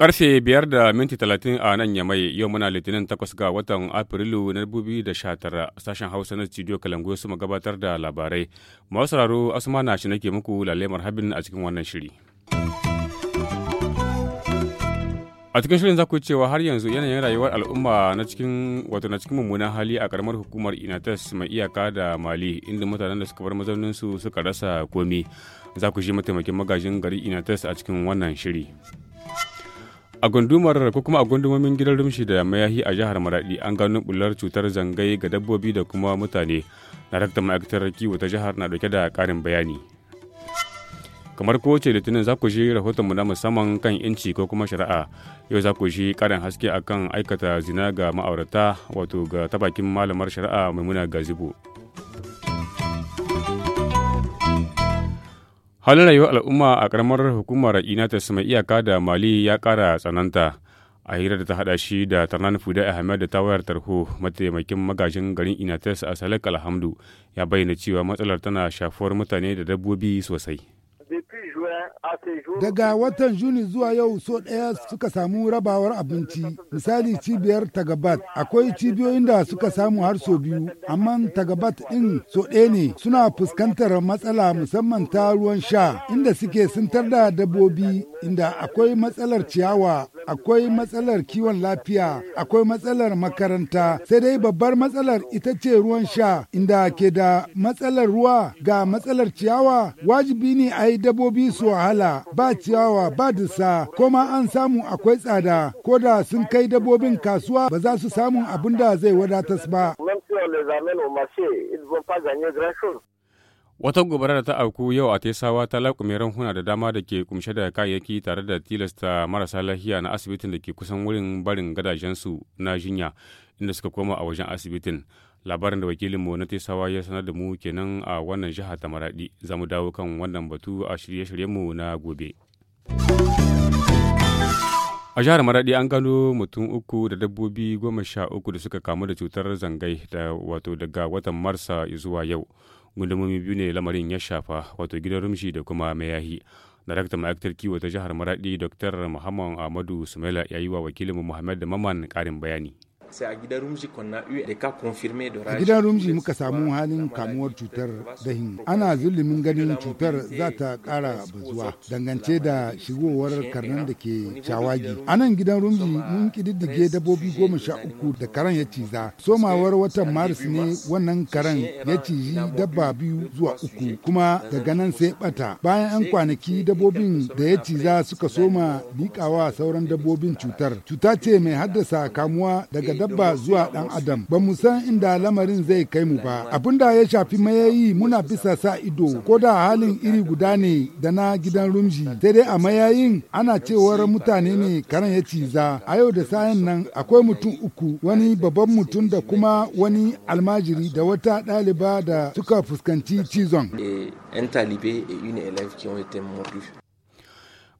Karfe biyar da minti talatin a nan Yamai yau muna litinin takwas ga watan Afrilu na dubu da sha sashen Hausa na studio Kalangu su gabatar da labarai. Masu sauraro Asuma na shi nake muku lalemar habin a cikin wannan shiri. a cikin shirin za ku cewa har yanzu yanayin rayuwar al'umma na cikin wato na cikin mummunan hali a karamar hukumar inatas mai iyaka da mali inda mutanen da suka bar mazaunin su suka rasa komi za ku shi mataimakin magajin gari inatas a cikin wannan shiri a gundumar ko kuma a gundumomin gidan rumshi da mayahi a jihar maradi an gano bular cutar zangai ga dabbobi da kuma mutane na ma'aikatar kiwo ta jihar na dauke da karin bayani kamar ko kowace litinin za ku shi rahoton mu na musamman kan inci ko kuma shari'a yau za ku shi karin haske akan aikata zina ga ma'aurata wato ga tabakin malamar shari'a maimuna gazibu halin rayuwar al'umma a karamar hukumar inatas mai iyaka da mali ya kara tsananta a hira da ta hada shi da tarnan fuda ahmed da ta wayar tarho mataimakin magajin garin inates a salak alhamdu ya bayyana cewa matsalar tana shafuwar mutane da dabbobi sosai Daga watan Juni zuwa yau so ɗaya suka samu rabawar abinci, misali cibiyar Tagabat. Akwai cibiyoyin da suka samu har so biyu, amma Tagabat ɗin so ɗaya ne suna fuskantar matsala musamman ta ruwan sha, inda suke sintar da dabbobi, inda akwai matsalar ciyawa akwai matsalar kiwon lafiya, akwai matsalar makaranta, sai dai babbar matsalar ita ce ruwan sha inda ke da matsalar ruwa ga matsalar ciyawa wajibi ne a yi dabobi su wahala ba ciyawa ba dusa koma an samu akwai tsada ko da sun kai dabobin kasuwa ba za su samu abin da zai wadatas ba. Wata gobara da ta auku yau a Tesawa ta laƙume ranhuna da dama da ke kumshe da kayayyaki tare da tilasta marasa lahiya na asibitin da ke kusan wurin barin gadajensu na jinya inda suka koma a wajen asibitin. Labarin da wakilinmu na Tesawa ya sanar da mu kenan a wannan jiha ta Maraɗi. Za mu dawo kan wannan batu a shirye-shiryenmu na gobe. a jihar maradi an gano mutum uku da dabbobi goma sha uku da suka kamu da cutar zangai da wato daga watan marsa zuwa yau gundumomi biyu ne lamarin ya shafa wato gidan rumshi da kuma mayahi daraktan ma'aikatar kiwo ta jihar maradi dr muhammad amadu sumaila ya yi wa wakilin muhammad maman karin bayani a gidan rumji A gidan rumji muka samu halin kamuwar cutar dahin. Ana zulumin ganin cutar za ta ƙara bazuwa dangance da shigowar karnan da ke shawagi. A nan gidan rumji mun kididdige dabbobi goma sha uku da karan ya ciza. Somawar watan Maris ne wannan karan ya ciji dabba biyu zuwa uku kuma daga nan sai bata. Bayan an kwanaki dabobin da ya ciza suka soma liƙawa sauran dabbobin cutar. Cuta ce mai haddasa kamuwa daga dabba zuwa ɗan adam ba mu san inda lamarin zai kai mu ba abin da ya shafi mayayi muna bisa sa ido ko da halin iri guda ne da na gidan rumji sai dai a mayayin ana cewar mutane ne karan ya ciza a yau da sayan nan akwai mutum uku wani babban mutum da kuma wani almajiri da wata ɗaliba da suka fuskanci cizon. Eh,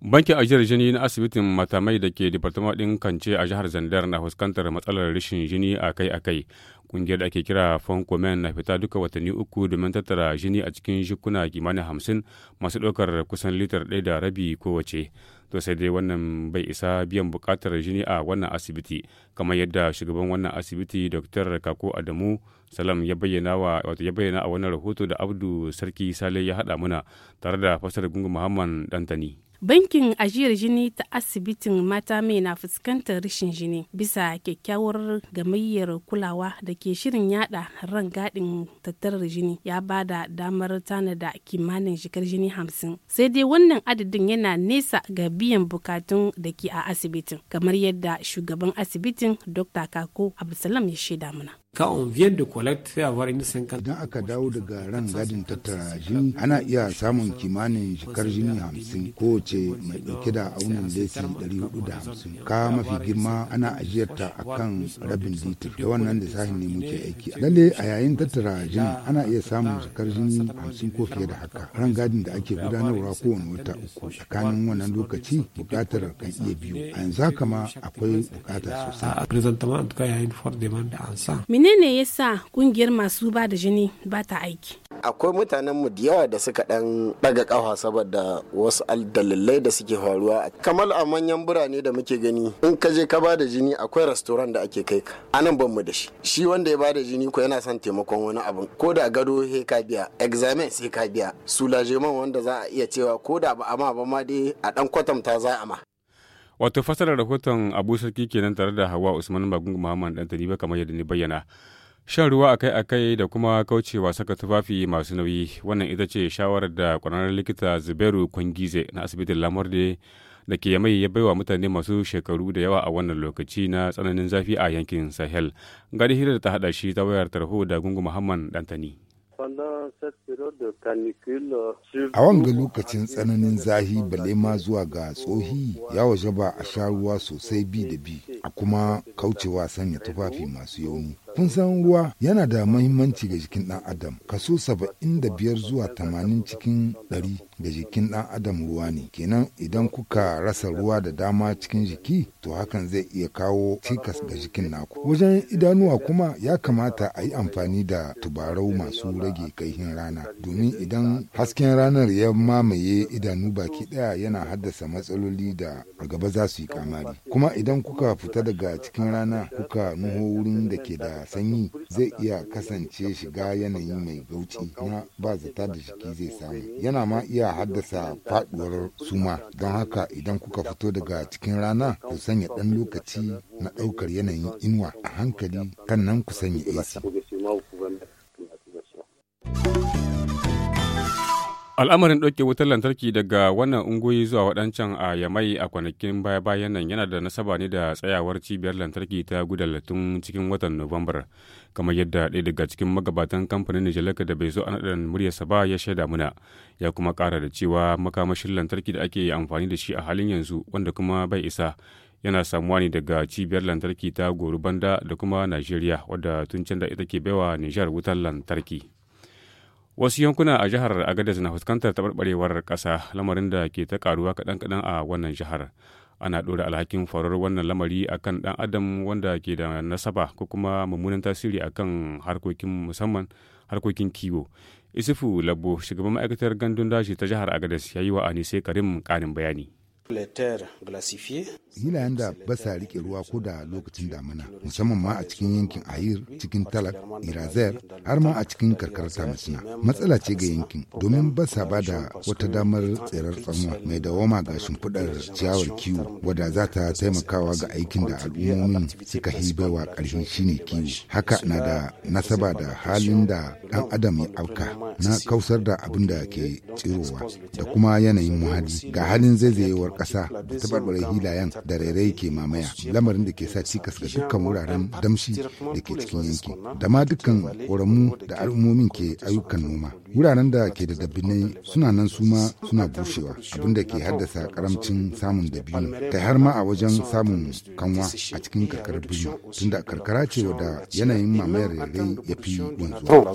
Bankin ajiyar jini na asibitin matamai da ke Departement ɗin Kance a jihar Zandar na fuskantar matsalar rashin jini akai-akai. Ƙungiyar da ake kira Fonkomen na fita duka watanni uku domin tattara jini a cikin jikuna kimanin hamsin masu ɗaukar kusan litar ɗaya da rabi kowace. To sai dai wannan bai isa biyan buƙatar jini a wannan asibiti kamar yadda shugaban wannan asibiti Dr. Kako Adamu Salam ya bayyana wa wato ya bayyana a wannan rahoto da Abdu Sarki Sale ya haɗa muna tare da fasar Gungun Muhammad Dantani. bankin ajiyar jini ta asibitin mata mai na fuskantar rashin jini bisa kyakkyawar gamayyar kulawa da ke shirin yada ran gadin tattarar jini ya ba da damar tanada kimanin shigar jini hamsin sai dai wannan adadin yana nesa ga biyan bukatun da ke a asibitin kamar yadda shugaban asibitin dr kako abdulsalam ya shaida mana Quand vient de collecte avoir une cinquante. Idan aka dawo daga ran gadin tattara jini ana iya samun kimanin shekar jini hamsin kowace mai ɗauke da aunin lesi ɗari hudu da hamsin. Ka mafi girma ana ajiyarta a kan rabin litir da wannan sahin ne muke aiki. Lalle a yayin tattara jini ana iya samun shekar jini hamsin ko fiye da haka. Ran gadin da ake gudanarwa kowane wata uku tsakanin wannan lokaci buƙatar kan iya biyu. A yanzu haka ma akwai buƙata sosai. A menene sa kungiyar masu ba da jini ba ta aiki akwai mutanenmu da yawa da suka dan daga kafa saboda wasu dalilai da suke faruwa kamar a manyan birane da muke gani in ka je ka ba da jini akwai restaurant da ake kai ka anan ban mu da shi shi wanda ya ba da jini ko yana son taimakon wani abin ko da gado he ka biya examen sai ka biya sulajeman wanda za a iya cewa ko da ba amma ba ma dai a dan kwatanta za a ma Wato fasarar rahoton Abu Sarki kenan tare da Hawa Usman Bagungu Muhammad dan ba kamar yadda ni bayyana. Shan ruwa akai-akai da kuma kaucewa saka tufafi masu nauyi wannan ita ce shawarar da kwararren likita Zubairu Kwangize na asibitin lamar da ke mai ya baiwa mutane masu shekaru da yawa a wannan lokaci na tsananin zafi a yankin Sahel. Gadi da ta hada shi ta wayar tarho da Gungu Muhammad Dantani. Euh, a wanga lokacin tsananin zahi balema zuwa ga tsohi ya waje ba a sha ruwa sosai bi da bi a kuma kaucewa sanya tufafi masu yauni kun san ruwa yana da mahimmanci ga jikin ɗan adam kaso saba'in da biyar zuwa tamanin cikin ɗari ga jikin ɗan adam ruwa ne kenan idan kuka rasa ruwa da dama cikin jiki to hakan zai iya kawo cikas ga jikin naku wajen idanuwa kuma ya kamata a yi amfani da tubarau masu rage kaihin rana domin idan hasken ranar ya mamaye idanu baki ɗaya yana haddasa matsaloli da gaba za su yi kamari kuma idan kuka fita daga cikin rana kuka nuho wurin da ke da sanyi zai iya kasance shiga yanayi mai gauci na ba zata da jiki zai samu yana ma iya haddasa faduwar suma don haka idan kuka fito daga cikin rana ku sanya dan lokaci na daukar yanayin inuwa a hankali kan nan ku sanya AC. Al'amarin ɗauke wutar lantarki daga wannan ungoyi zuwa waɗancan a Yamai a kwanakin baya-bayan nan yana da nasaba ne da tsayawar cibiyar lantarki ta gudalatun cikin watan Nuwambar, kamar yadda ɗaya daga cikin magabatan kamfanin Nijalaka da bai zo a ɗan muryarsa ba ya shaida muna, ya kuma ƙara da cewa makamashin lantarki da ake amfani da shi a halin yanzu wanda kuma bai isa yana samuwa ne daga cibiyar lantarki ta Gorubanda da kuma Najeriya wadda tun can da ita ke baiwa Nijar wutar lantarki. wasu yankuna a jihar agadez na fuskantar taɓarɓarewar ƙasa lamarin da ke ta karuwa kaɗan-kaɗan a wannan jihar ana ɗora alhakin farar wannan lamari a kan ɗan adam wanda ke da nasaba ko kuma mummunan tasiri akan harkokin musamman harkokin kiwo isufu labbo shugaban ma'aikatar gandun daji ta jihar agadez ya yi wa anise karim ƙarin bayani Hilayen da ba sa rike ruwa ko da lokacin damina, musamman ma a cikin yankin Ayir, cikin Talak, Irazer, har ma a cikin karkarar Tamasina. Matsala ce ga yankin, domin ba sa ba da wata damar tsirar tsamuwa mai dawama ga shimfiɗar ciyawar kiwo, wadda za ta taimakawa ga aikin da al'ummomin suka hibaiwa ƙarshen shine kiwo. Haka na da nasaba da halin da ɗan adam ya auka na kausar da abin da ke tsirowa da kuma yanayin muhalli ga halin zaizayewar ƙasa da tabarbarai hilayen da rairayi ke mamaya lamarin da ke sa cikas ga dukkan wuraren damshi da ke cikin yankin da ma dukkan ƙoramu da al'ummomin ke ayyukan noma wuraren da ke da dabbinai suna nan su ma suna bushewa abinda ke haddasa karamcin samun dabino kai har ma a wajen samun kanwa a cikin karkarar birni tunda karkara ce wadda yanayin mamayar yare ya fi wanzuwa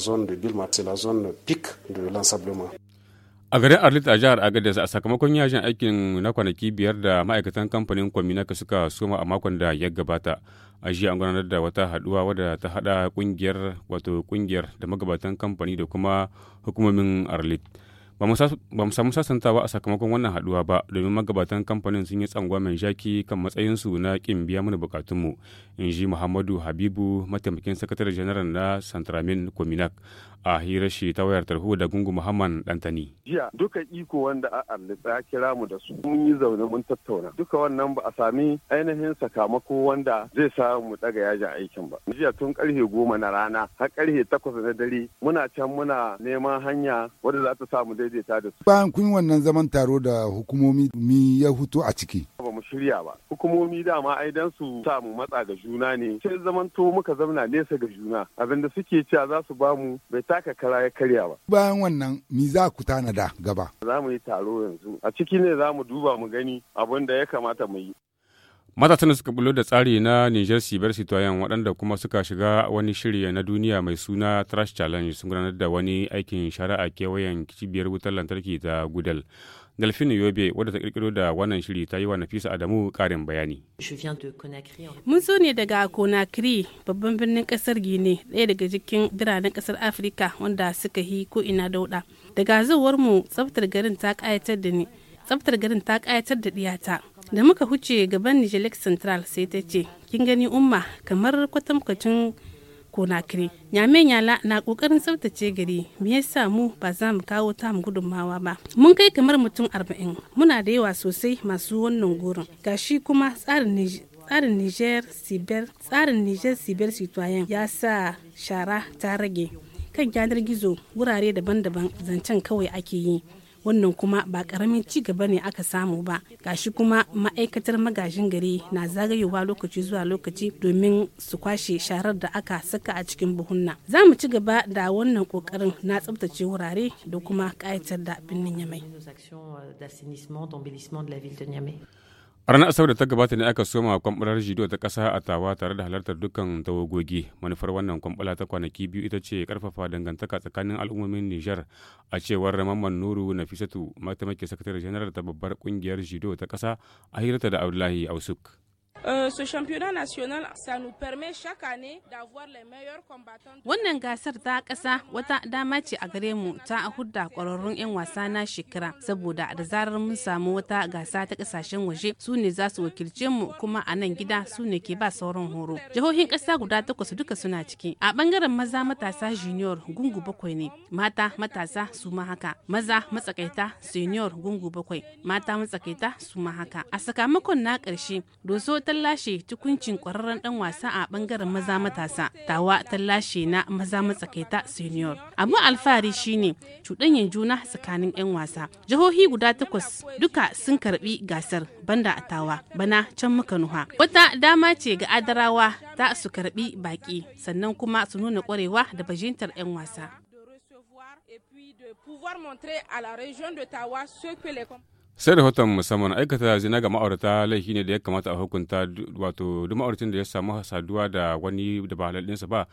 a garin arlit a jihar agadez a sakamakon yajin aikin na kwanaki biyar da ma'aikatan kamfanin kwaminaka suka soma a makon da ya gabata a jiya an gudanar da wata haduwa wadda ta hada kungiyar wato kungiyar da magabatan kamfani da kuma hukumomin arlit ba mu samu sasantawa a sakamakon wannan haduwa ba domin magabatan kamfanin sun yi tsangwa tsangwamen jaki kan matsayinsu na kin biya mana bukatunmu in ji muhammadu habibu mataimakin sakataren janaral na santramin kominak a hira shi ta wayar tarho da gungu muhammad dantani jiya duka iko wanda a allitsa ya kira mu da su mun yi zaune mun tattauna duka wannan ba a sami ainihin sakamako wanda zai sa mu daga yajin aikin ba jiya tun karfe goma na rana har karfe takwas na dare muna can muna neman hanya wadda za ta samu daidaita da su bayan kun wannan zaman taro da hukumomi mi ya hutu a ciki shirya ba hukumomi dama ai dan su sa mu matsa ga juna ne sai zamanto muka zamna nesa ga juna abinda suke cewa za su ba mu bai taka kara ya karya ba bayan wannan mi za ku tanada gaba za mu yi taro yanzu a ciki ne za mu duba mu gani abin da ya kamata mu yi matasan da suka bulo da tsari na Niger Cibiyar Citoyen waɗanda kuma suka shiga wani shirya na duniya mai suna Trash Challenge sun gudanar da wani aikin shari'a kewayen cibiyar wutar lantarki ta Gudel. Delphine Yobe wadda ta kirkiro da wannan shiri ta yi wa Nafisa Adamu karin bayani. Mun zo ne daga Conakry babban birnin kasar Gine daya daga cikin biranen kasar Afirka wanda suka yi ko ina dauɗa. Daga zuwar mu tsaftar garin ta ƙayatar da ni. Tsaftar garin ta ƙayatar da ɗiyata. Da muka huce gaban Nijelek Central sai ta ce, kin gani umma kamar kwatankwacin Conakry. Nyame Nyala na kokarin tsaftace gari me yasa mu ba za mu kawo tamu gudunmawa ba. Mun kai kamar mutum arba'in muna da yawa sosai masu wannan gurin. Gashi kuma tsarin tsarin Niger Siber tsarin Niger Siber Citoyen ya sa shara ta rage kan gyanar gizo wurare daban-daban zancen kawai ake yi. wannan kuma ba karamin ci gaba ne aka samu ba gashi kuma ma'aikatar magajin gari na zagayowa lokaci zuwa lokaci domin su kwashe sharar da aka saka a cikin buhunna za mu ci gaba da wannan kokarin na tsabtace wurare da kuma ƙayatar da birnin yamai rana ranar asabar da ta gabata ne aka soma kwambalar jido ta kasa a tawa tare da halartar dukkan tawagogi manufar wannan kwambala ta kwanaki biyu ita ce karfafa dangantaka tsakanin al'ummomin nijar a cewar mamman nuru nafisatu mataimakin sakatare janar ta babbar kungiyar jido ta kasa a hirarta da abdullahi ausuk Euh, ce championnat national ça nous permet chaque année d'avoir les meilleurs combattants. Wannan gasar ta ƙasa wata dama ce a gare mu ta hudda ƙwararrun 'yan wasa na shekara saboda da zarar mun samu wata gasa ta ƙasashen waje su ne za su wakilce mu kuma a nan gida su ne ke ba sauran horo. Jihohin ƙasa guda takwas duka suna ciki. A bangaren maza matasa junior gungu bakwai ne, mata matasa su ma haka, maza matsakaita senior gungu bakwai, mata matsakaita su ma haka. A sakamakon na ƙarshe, doso tallashe tukuncin kwararren dan wasa a bangaren maza matasa tawa tallashe na maza matsakaita senior abun alfahari shine cuɗanyen juna tsakanin 'yan wasa jihohi guda takwas duka sun karbi gasar banda tawa bana can muka nuha wata dama ce ga adarawa ta su karbi baki sannan kuma su nuna kwarewa da bajintar 'yan wasa sai da hoton musamman aikata zina ga ma'aurata laifi ne da ya kamata a hukunta wato duk ma'auratun da ya samu saduwa da wani da ba halalinsa ba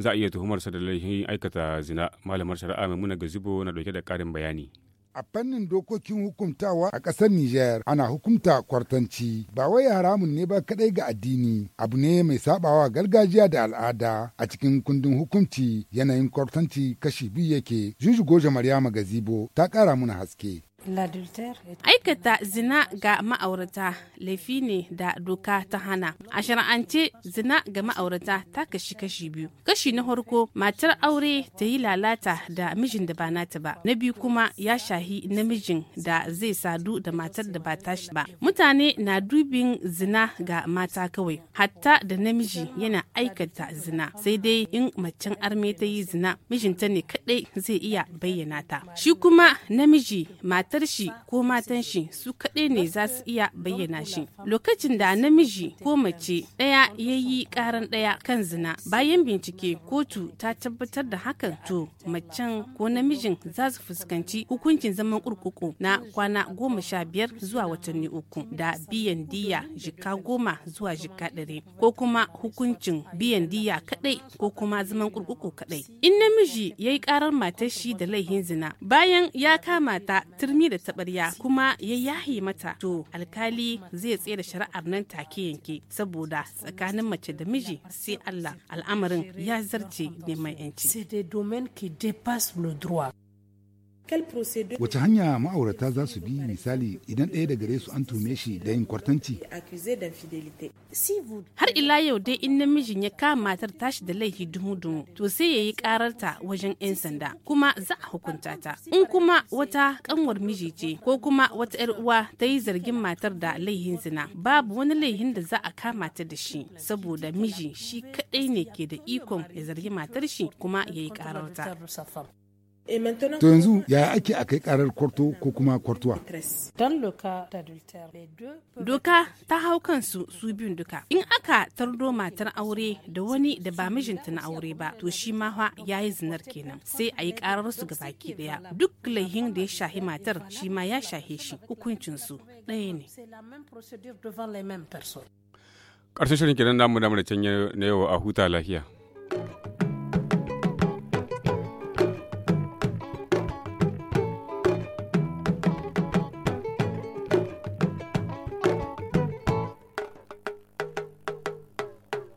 za a iya tuhumarsa da laifin aikata zina malamar shari'a maimuna gazibo na dauke da karin bayani a fannin dokokin hukumtawa a ƙasar Nijar ana hukumta kwartanci ba wai haramun ne ba kadai ga addini abu ne mai sabawa gargajiya da al'ada a cikin kundin hukunci yanayin kwartanci kashi biyu yake juju goje Maryama Gazibo ta kara muna haske Aikata zina ga ma'aurata laifi ne da doka ta hana. A shara'ance zina ga ma'aurata ta kashi kashi biyu. Kashi na farko matar aure ta yi lalata da mijin da ba nata ba. Na biyu kuma ya shahi namijin da zai sadu da matar da ba tashi ba. Mutane na dubin zina ga mata kawai. Hatta da namiji yana aikata zina. Sai dai in macen arme ta yi zina mijinta ne kadai zai iya bayyana ta. Shi kuma namiji mata matar shi ko matan shi su kaɗai ne za su iya bayyana shi lokacin da namiji ko mace ɗaya ya yi ƙaran ɗaya kan zina bayan bincike kotu ta tabbatar da hakan to macen ko namijin za su fuskanci hukuncin zaman kurkuku na kwana goma sha biyar zuwa watanni uku da biyan diya jika goma zuwa jika ɗari ko kuma hukuncin biyan diya kaɗai ko kuma zaman kurkuku kaɗai in namiji ya yi ƙarar matar shi da laihin zina bayan ya kama ta turmi turmi da tabarya kuma ya yahi mata to alkali zai tsere shari'ar nan take yanke saboda tsakanin mace da miji sai Allah al'amarin ya zarce neman yanci. wata hanya ma'aurata za su bi misali idan ɗaya da gare su an tume shi da yin kwartanci? Har ila yau dai in namijin ya kama matar tashi da laifi dumu-dumu to sai ya yi kararta wajen 'yan sanda kuma za a hukunta ta. In kuma wata ƙanwar miji ce ko kuma wata 'yar uwa ta yi zargin matar da laifin zina babu wani laifin da za a kama ta da shi saboda miji shi kaɗai ne ke da ikon ya zargi matar shi kuma ya yi kararta. To yanzu ya ake a kai karar kwarto ko kuma kwartuwa? Doka ta hau kansu su biyun duka. In aka tardo matar aure da wani da ba mijinta na aure ba, to shi ma ya yi zinar kenan. Sai a yi karar su ga baki daya. Duk laihin da ya shahi matar shi ma ya shahe shi. hukuncinsu su ɗaya ne. Ƙarshen shirin kenan namu da can na yau a huta lahiya.